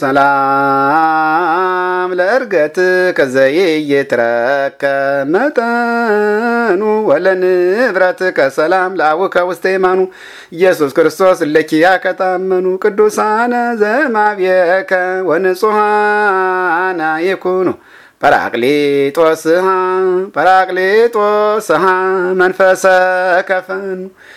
ሰላም ለእርገት ከዘይየትረከ መጠኑ ወለንብረት ከሰላም ለአቡከ ውስተ ይማኑ ኢየሱስ ክርስቶስ ለኪያ ከታመኑ ቅዱሳነ ዘማብየከ ወንጹሃና ይኩኑ ጰራቅሊጦስሃ ጰራቅሊጦስሃ መንፈሰ ከፈኑ